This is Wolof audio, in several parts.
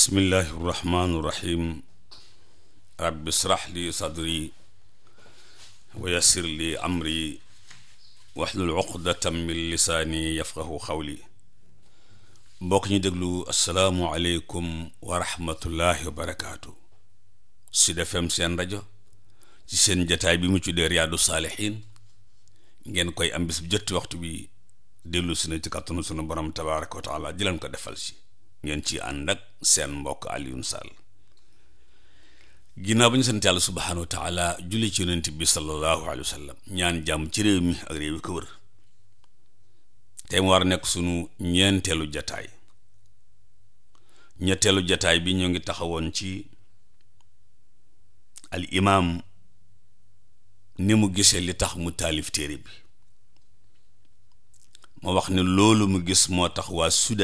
bismillahi irrahmaani irrahim rabbi srah li sadri wa yassir li amri waxlul uqdatan min lisaani yafqahu xawli mbokk ñu déglu asalaamu aleykum wa rahmatullahi wa barakaatu seen rajo ci seen jataay bi mu tuddee Riyaadu Saalihiin ngeen koy am bis bu waxtu bi dellu si na ci kàttanu sunu borom tabaaraka wa taala jëleen ko defal si ngeen ci ànd seen mbokk Alioune Sall ginnaaw ba ñu sant yàlla subhaanahu wa taala julli ci yonent bi sallallahu alayhi wa ñaan jàmm ci réew mi ak réew yi ko wër tey mu war a nekk sunu ñeenteelu jataay ñetteelu jataay bi ñu ngi taxawoon ci al ni mu gisee li tax mu taalif téere bi ma wax ne loolu mu gis moo tax waa Sud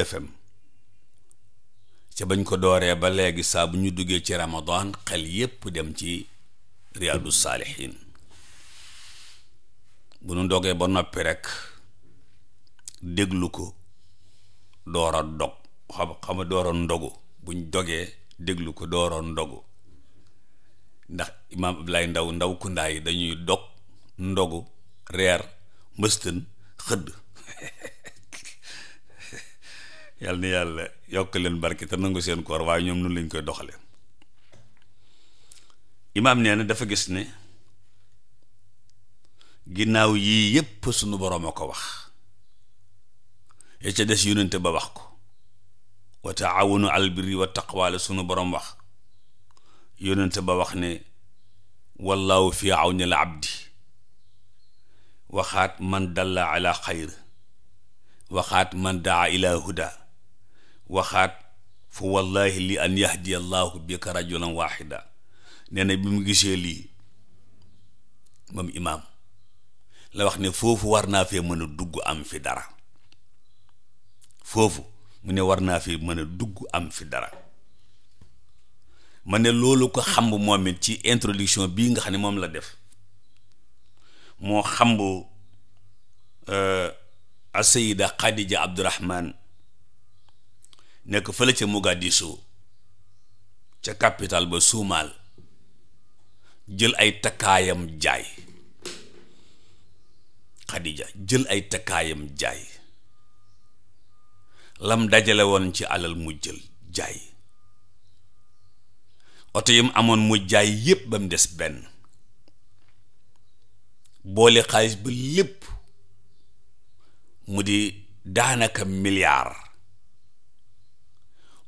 ca bañ ko dooree ba léegi saa bu ñu duggee ci ramadan xel yépp dem ci riyaadu saalihiin bu nu dogee ba noppi rek déglu ko door a dog xam xama ndogu buñ dogee déglu ko door a ndogu ndax imaam Ablaay Ndaw ndaw kundaa yi dañuy dog ndogu reer mbëstën xëdd yàlla na yàlla yokk leen barke te nangu seen koor waaye ñoom noonu lañ koy doxale imaam nee na dafa gis ne ginnaaw yii yépp sunu boroom a ko wax ya ca des yónnante ba wax ko wa taawunu alal birri wa taqwa la sunu boroom wax yónnante ba wax ne wallaahu fi awni al abdi waxaat man dalla ala xayr waxaat man daa ila huda waxaat fa wallahi li an yahdiya allahu bika rajulan wahida nee bi mu gisee lii moom imaam la wax ne foofu war naa fee mën a dugg am fi dara foofu mu ne war naa fee mën dugg am fi dara ma ne loolu ko xamb moom ci introduction bii nga xam ne moom la def moo xamb euh, asayida xadija abdurahman nekk fële ca Mogadishu ca capital ba Soumal jël ay takkaayam jaay Khadija jël ay takkaayam jaay lam dajale woon ci alal mu jël jaay oto yi mu amoon mu jaay yépp bam mu des benn boole xaalis ba lépp mu di daanaka milliard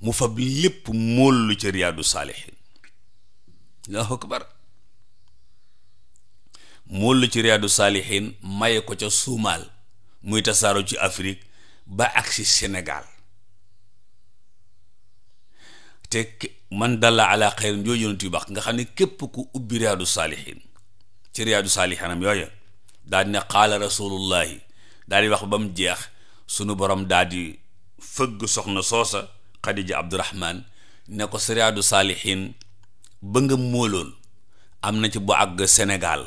mu fab lépp móollu ca riyaadu saalihin allahu akbar móollu ci riyaadu saalihin maye ko ca suumaal muy tasaaro ci Afrique ba agsi Sénégal te man dalla ala xeyr njooy yonent yu baax nga xam ne képp ku ubbi riyaadu saalihin ci riyaadu saalihinam yooya daal di ne qaala rasulullahi daal di wax ba mu jeex sunu borom daal di fëgg soxna soosa Khadija Abdurahman ne ko si Riyaadu Saalihiin ba nga móoloon am na ci bu àgg Sénégal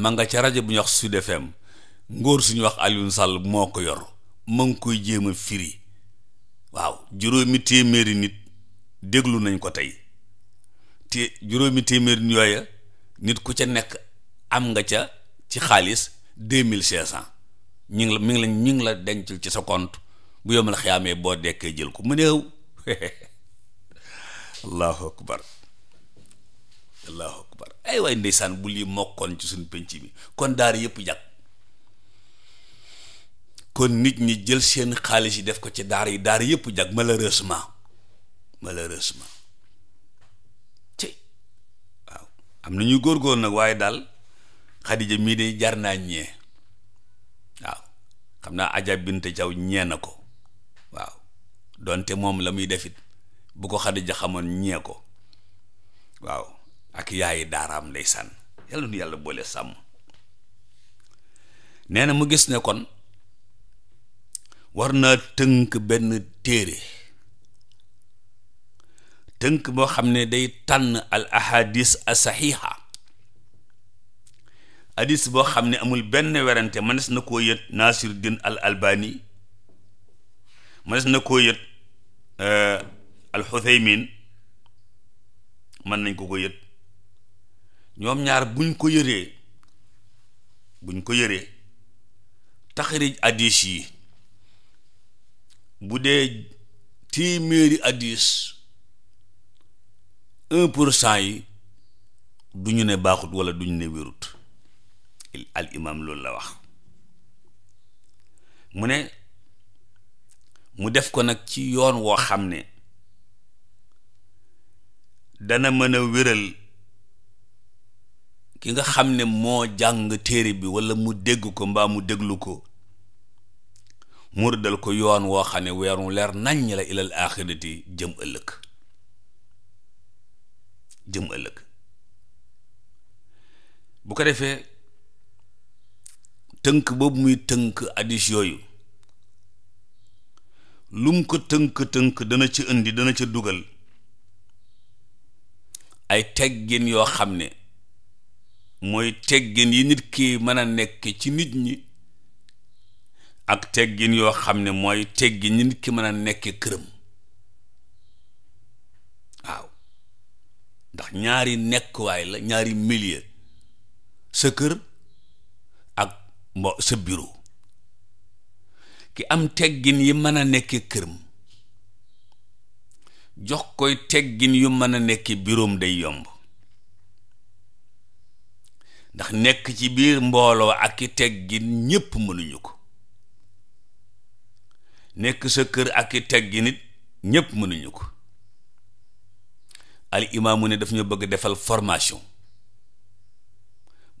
ma nga ca rajo bu ñuy wax Sud FM ngóor suñu wax Alioune Sall moo ko yor ma ngi koy jéem a firi waaw juróomi téeméeri nit déglu nañ ko tey te juróomi téeméeri nit yooya nit ku ca nekk am nga ca ci xaalis deux mille cinq cent ñu ngi la mi ngi la ñu ngi la denc ci sa compte bu yomal xiyaamee boo dekkee jël ko mu néew allahu akbar allahu akbar ay waay ndeysaan bu lii mokkoon ci suñ penc bi kon daar yëpp jàkk kon nit ñi jël seen xaalis yi def ko ci daar yi daar yëpp jàkk malheureusement malheureusement ci waaw am na ñuy góor nag waaye daal xadija mii de jar naa ñee waaw xam naa ajab binte jaw ñee na ko waaw donte moom la muy defit bu ko Xadija xamoon ñee ko waaw ak yaayi daaraam ndeysaan yàlla nu yàlla boole sàmm nee na mu gis ne kon war naa tënk benn téere tënk boo xam ne day tànn al ahadis a saxiixa hadis boo xam ne amul benn werante mënees na koo yët Nasir din al albani mënees na koo yët Euh, alxuthaymin mën nañ ko ko yët ñoom ñaar buñ ko yëree buñ ko yëree taxrij addis yi bu dee téeméeri addis un pour cent yi du ne baaxut wala du ñu ne wérut al imam loolu la wax mu ne mu def ko nag ci yoon woo xam ne dana mën a wéral ki nga xam ne moo jàng téere bi walla mu dégg ko mbaa mu déglu ko mu rëddal ko yoon woo xam ne weeru leer naññ la ilal aaxirati jëm ëllëg jëm ëllëg bu ko defee tënk boobu muy tënk addis yooyu lu ko tënk-tënk dana ci indi dana ca dugal ay teggin yoo xam ne mooy teggin yi nit ki mën a nekk ci nit ñi ak teggin yoo xam ne mooy teggin yi nit ki mën a nekke këram waaw ndax ñaari nekkuwaay la ñaari milieu sa kër ak mbo sa bureau ki am teggin yi mën a nekke këram jox koy teggin yu mën a nekke biroom day yomb ndax nekk ci biir mbooloo ak i teggin ñépp mënuñu ko nekk sa kër ak i teggin ñépp mënuñu ko al imaamu ne daf ñu bëgg defal formation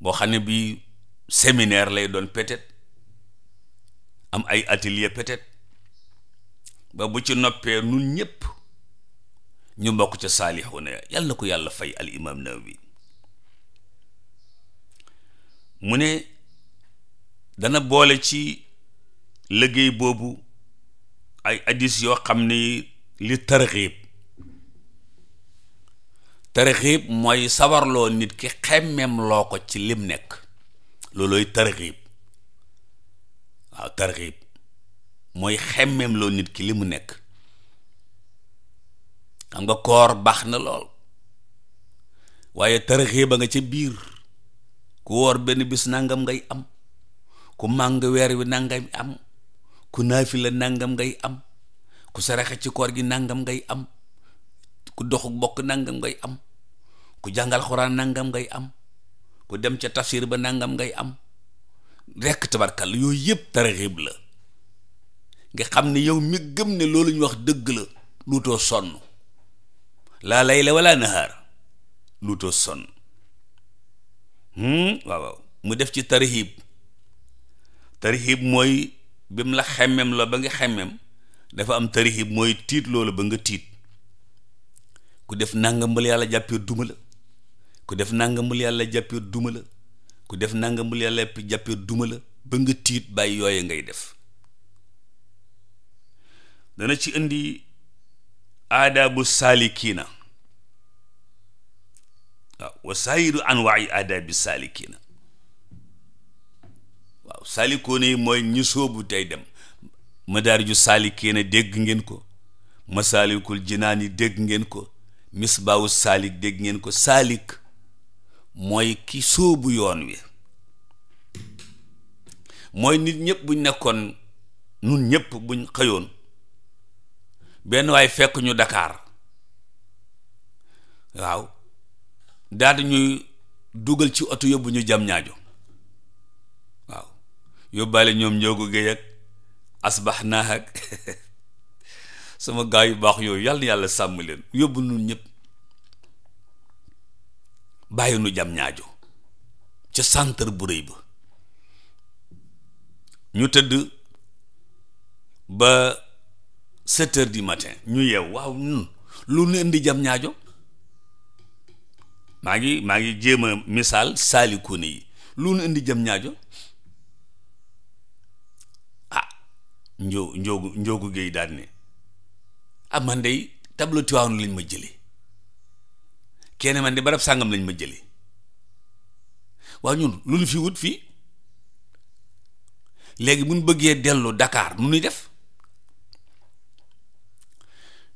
boo xam ne bii séminaire lay doon peut am ay atelier peut-être ba bu ci noppee nun ñëpp ñu mbokk ca saalixuuna yàlla ko yàlla fay al imaam Nawawi mu ne dana boole ci liggéey boobu ay addis yoo xam ni li tarxiib tarxiib mooy sawarloo nit ki xemmem loo ko ci lim nekk loolooy tarxiib waaw tarxiib mooy xemmeem loo nit ki li mu nekk xam nga koor baax na lool waaye tarxiib a nga ca biir ku woor benn bis nangam ngay am ku màng weer wi nangam am ku naafila nangam ngay am ku saraxe ci koor gi nangam ngay am ku doxu bokk nangam ngay am ku jàngal xuraan nangam ngay am ku dem ca tafsir ba nangam ngay am rekk tabarkal yooyu yëpp tarxiib la nga xam ni yow mi gëm ne loolu ñu wax dëgg la luutoo sonn laa la wala nahaar luutoo sonn hmm? waaw waaw mu def ci tarxiib tarxiib mooy bi mu la xemmem la ba nga xemmem dafa am tarxiib mooy tiit loolu ba nga tiit ku def nàngambal yàlla jàppee duma la ku def nàngambal yàlla jàppee duma la ku def nangamul yàlla lépp jàppee duma la ba nga tiit bàyyi yooye ngay def dana ci indi aadaabu saalikiina waaw wa saayiru anwaai aadaabi saalikiina waaw saalikoona yi mooy ñu sóobu tey dem madaariju saalikiina dégg ngeen ko masaalikul jinaan yi dégg ngeen ko misbaawu saalik dégg ngeen ko saalik mooy ki sóobu yoon wi mooy nit ñëpp buñ nekkoon nun ñëpp buñ xëyoon benn waay fekk ñu Dakar waaw daal dugal ci oto yóbbu ñu jam ñaajo ñoom njoogu géej asbax naa ak sama gaa yu baax yooyu yàlla yàlla sàmm leen yóbbu nun ñëpp bàyyi nu jam ñaajo ca centre bu rëy ba ñu tëdd ba seteur heures matin ñu yeew waaw ñun lu nu indi jam ñaajo maa ngi maa ngi jéem a misaal saalikoone yi lu nu indi jam ñaajo ah njoo njoogu njoogu géey daal ne ah man dey tableau Tivaouane lañ ma jële kenn man de barab sàngam lañ ma jële waaw ñun lu nu fi wut fii léegi bu ñu bëggee dellu dakaar nu ñuy def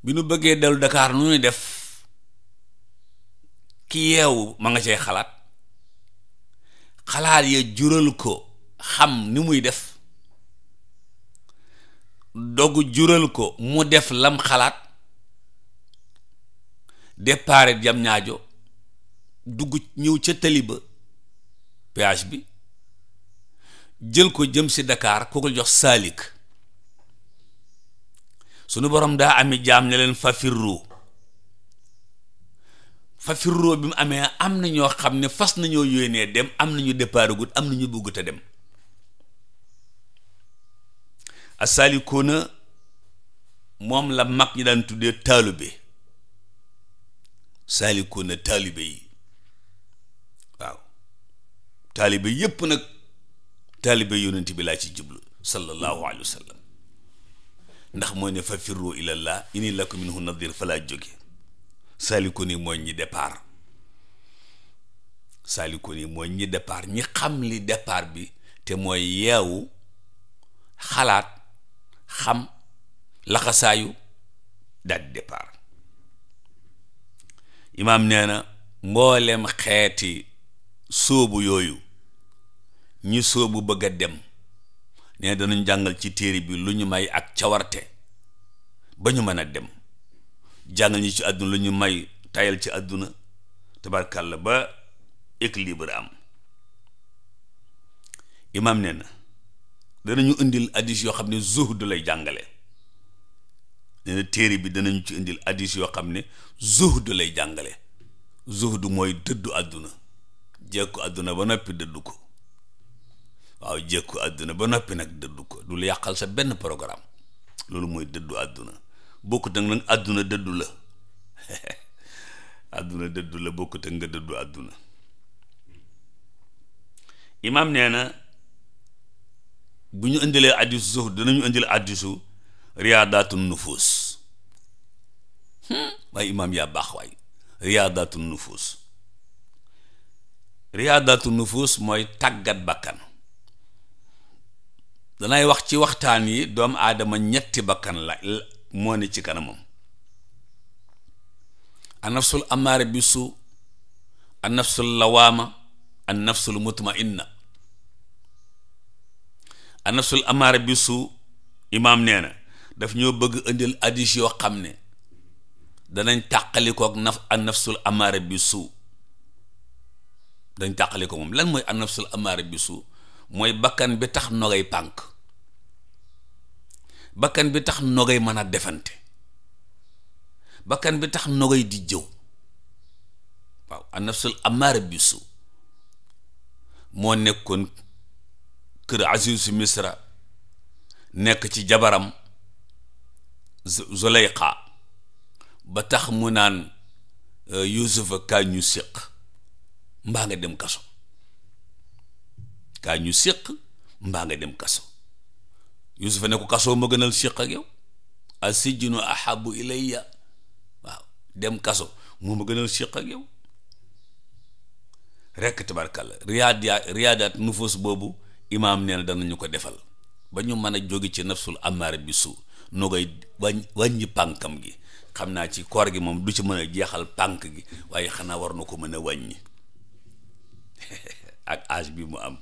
bi nu bëggee dellu dakaar nu ñuy def ki yeewu ma nga cee xalaat xalaat ya jural ko xam ni muy def dogu jural ko mu def lam xalaat départ jam ñaajo dugg ñëw ca tali ba bi jël ko jëm si Dakar ku ko jox saalik sunu boroom daa ami jaam ne leen fafirru bi mu amee am na ñoo xam ne fas nañoo yónnee dem am nañu départagut am nañu bëggut a dem asaalikoona moom la mag ñi daan tuddee taalube saalikoona taalube yi waaw taalube yépp nag taalibe yonent bi laa ci jublu sallallahu alayhi wa sallam ndax moo ne fa firru ilallah inni lakum minhu nadir fa laa jóge saaliku ni mooy ñi départ saaliku ni mooy ñi départ ñi xam li départ bi te mooy yeewu xalaat xam laxasaayu daal di départ imaam nee na mboolem xeeti sóobu yooyu ñu bu bëgg a dem ne danañ jàngal ci téere bi lu ñu may ak cawarte ba ñu mën a dem jàngal ñi ci àdduna lu ñu may tayal ci àdduna tabarkàlla ba équilibre am imam nee na danañu indil addis yoo xam ne du lay jàngale nee na téere bi danañu ci indil addis yoo xam ne zuhdu lay jàngale zuhdu mooy dëddu àdduna jekku àdduna ba noppi dëddu ko waaw jëkku àdduna ba noppi nag dëddu ko du la yàqal sa benn programme loolu mooy dëddu àdduna bokkut ak àdduna dëddu la àdduna dëddu la bokkut ak nga dëddu àdduna imam nee na bu ñu indilee addisu zuhd dinañu indil addisu riyaadaatu nufuus hmm, waaye imaam yaa baax waay riyaadaatu nufuus riyaadaatu nufuus mooy tàggat bakkan danay wax ci waxtaan yi doomu aadama ñetti bakkan la moo ne ci kanamam annafsul amaare bi su annafsul lawaama annafsul mutmainna annafsul amaare bi su imaam nee na daf ñoo bëgg indil addis yoo xam ne danañ tàqali kook naf annafsul amaare bi su dañ tàqali ko moom lan mooy annafsul amaare bi su mooy bakkan bi tax nogay pànk bakkan bi tax nogay mën a defante bakkan bi tax nogay di jëw waaw an nafsul amaara bi suu moo nekkoon kër Aziz Misra nekk ci jabaram Zuleyxa ba tax mu naan euh, Yuusufa kaa ñu séq mbaa nga dem kaso kaa ñu séq mbaa nga dem kaso yusufa ne ko kasoo ma gënal siq ak yow asijnu ahabu ilayya waaw dem kaso moo ma gënal siq ak yow rekk tabarkàlla riyaadaat riyaadaat nufus boobu imaam nee na danañu ko defal ba ñu mën a jóge ci nafsul amaara bi suu noo koy wàññ wàññi pànkam gi xam naa ci koor gi moom du ci mën a jeexal pànk gi waaye xanaa war na ko mën a wàññi ak âge bi mu am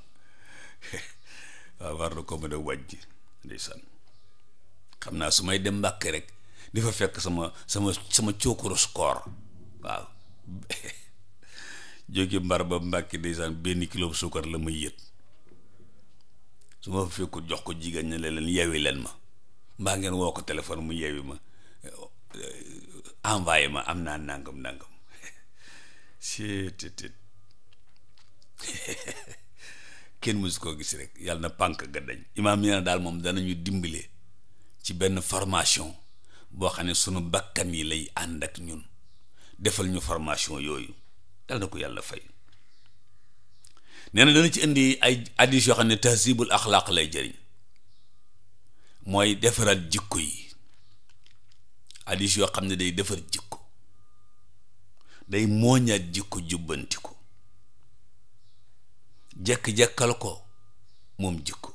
waaw war na ko mën a wàññi ndeysaan xam naa su may dem Mbàkke rek di fa fekk sama sama sama cookurus koor waaw jóge mbar ba Mbàkke benn kilo suukar la may yët su ma jox ko jigéen ña leen yewi leen ma mbaa ngeen woo ko téléphone mu yewi ma eh, envoyé ma am naa nangam nangam si kenn mësu koo gis rek yàlla na pànk ga dañ imaam nee na daal moom danañu dimbale ci benn formation boo xam ne sunu bakkan yi lay ànd ak ñun defal ñu formation yooyu yàlla na ko yàlla fay nee na dana ci indi ay addis yoo xam ne tahsibul axlaaq lay jëriñ mooy defaral jikko yi addis yoo xam ne day defar jikko day mooñaat jikko jubbanti ko jekk-jekkal ko moom jikko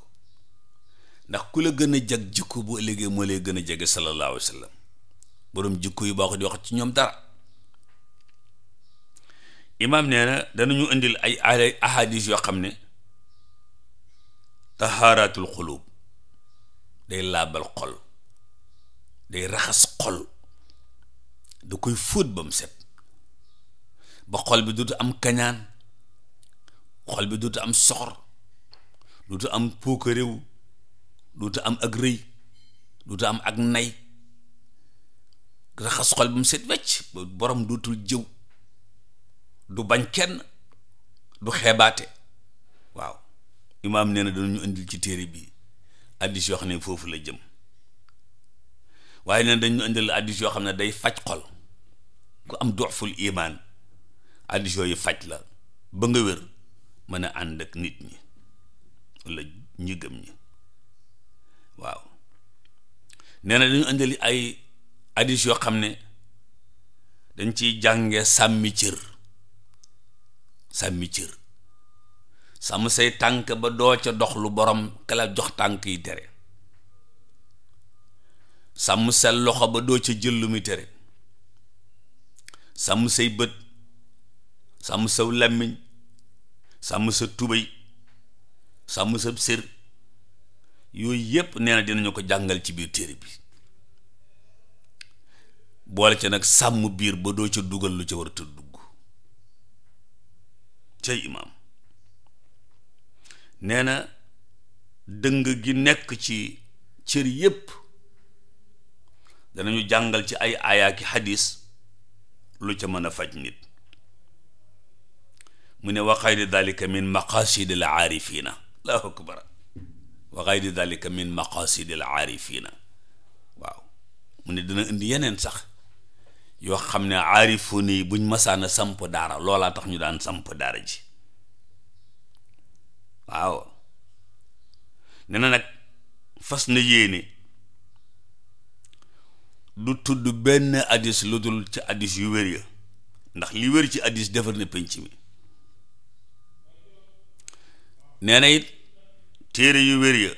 ndax ku la gën a jag jikko bu ëllëgee moo lay gën a jege sallallahu alayhi wa boroom jikko yi boo ko di wax ci ñoom dara imaam nee na danañu indil ay ay ahadis yoo xam ne tahaaratul xulub day laabal xol day raxas xol da koy fóot ba mu set ba xol bi du am kañaan xol bi duutu am soxor duutu am puukaréew duutu am ak rëy duutu am ak nay raxas xol bi mu set wecc borom duutul jëw du bañ kenn du xeebaate waaw imaam nee na ñu indil ci téere bi addis yoo xam ne foofu la jëm waaye neen dañu indil addis yoo xam ne day faj xol ku am doxful imaan addis yooyu faj la ba nga wér mën a ànd ak nit ñi walla ñi gëm ñi waaw nee na dañu indali ay hadis yoo xam ne dañ ciy jànge sàmmi cër sàmmi cër sàmm say tànk ba doo ca dox lu borom kala jox tànk yi tere sàmm sa loxo ba doo ca jël lu muy tere sàmm say bët sàmm saw làmmiñ sàmm sa tubéy sàmm sa sér yooyu yépp nee na dinañu ko jàngal ci biir téere bi boole ca nag sàmm biir ba doo ca dugal lu ca war a dugg cay imaam nee na dëng gi nekk ci cër yépp danañu jàngal ci ay aayaa ki lu ca mën a faj nit mu ne wa xayri dalika min maqasidil aarifina allahu akbar wa xayri dalika min maqasidil aarifina waaw mu ne dina indi yeneen sax yoo xam ne aarifu nii buñ masaana samp daara loolaa tax ñu daan samp daara ji waaw nee na nag fas na yéene du tudd benn addis lu dul ci addis yu wér ya ndax li wér ci addis defar na penc mi neena na it téere yu wér ya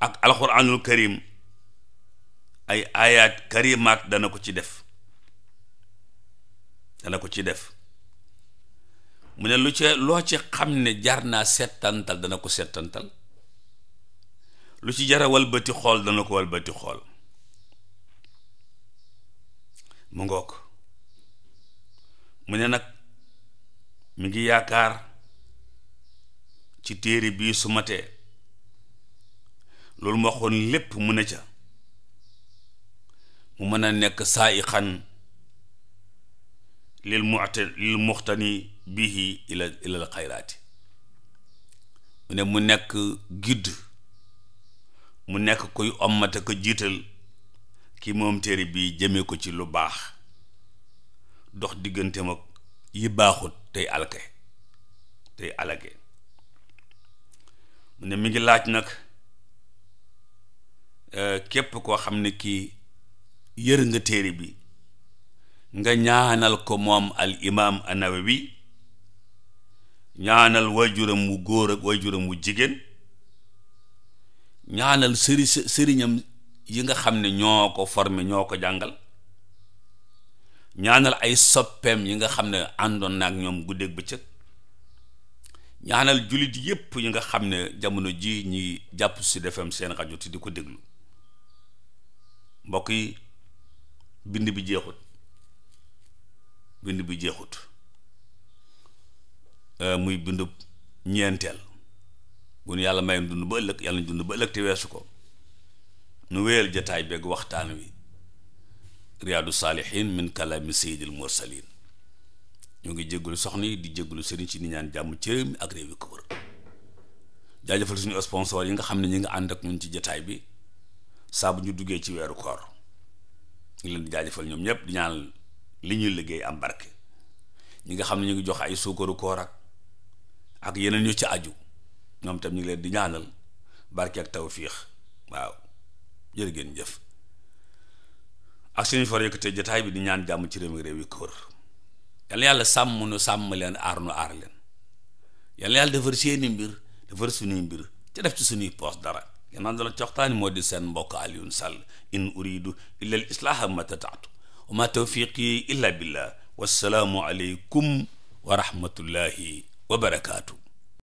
ak alxuraanul karim ay ayaat karimaat dana ko ci def dana ko ci def mu ne lu ci loo ci xam ne jaar naa settantal dana ko settantal lu ci jara walbati xool dana ko walbati xool mu ngoog mu ne nag mu ngi yaakaar ci téere bi su matee loolu ma waxoon lépp mu ne ca mu mën a nekk saaiqan lil muxta lil muxtani bihi ila ilal xayraati mu ne mu nekk gidd mu nekk kuy ommate ko jiital ki moom téere bi jëmee ko ci lu baax dox digganteem ak yi baaxut tey alke tey alage ne mi ngi laaj nag euh, képp koo xam ne kii yër nga téere bi nga ñaanal ko moom al imaam an ñaanal waajuram wu góor ak wu jigéen ñaanal sëri sëriñam yi nga xam ne ñoo ko formé ñoo ko jàngal ñaanal ay soppeem yi nga xam ne àndoon na ak ñoom guddeeg bëccëg ñaanal jullit yépp ñu nga xam ne jamono ji ñuy jàpp Sud FM seen rajo di ko déglu mbokk yi bind bi jeexut bind bi jeexut euh, muy bindub ñeenteel bu yàlla may dund ba ëllëg yàlla dund ba ëllëg te weesu ko nu wéyal jataay beeg waxtaan wi riyaadu saalihiin min kalaami sayyidil mursaliin ñu ngi jégalu soxna yi di jégalu sëriñ ci ni ñaan jàmm ci réew mi ak réew yi ko wër suñu sponsor yi nga xam ne ñu ngi ànd ak ñun ci jataay bi saa bu ñu duggee ci weeru koor ñu leen di jaajëfal ñoom ñëpp di ñaan li ñuy liggéey am barke ñi nga xam ne ñu ngi jox ay suukaru koor ak ak yeneen ñu ci aju ñoom tam ñu ngi leen di ñaanal barke ak tawfiix waaw jërë ngeen jëf ak suñu for yëkkatee jataay bi di ñaan jàmm ci réew réew yi ko yal na yàlla sàmm nu sàmm leen aar nu aar leen yal na yàlla defar seeni mbir defar suñuy mbir ci def ci suñuy poos dara gannaaw dala coxtaani moo di seen mbokk Alioune Sall in uridu illa al islaaha ma tataatu wa ma tawfiqi illa billah wassalaamu aleykum wa wa barakaatu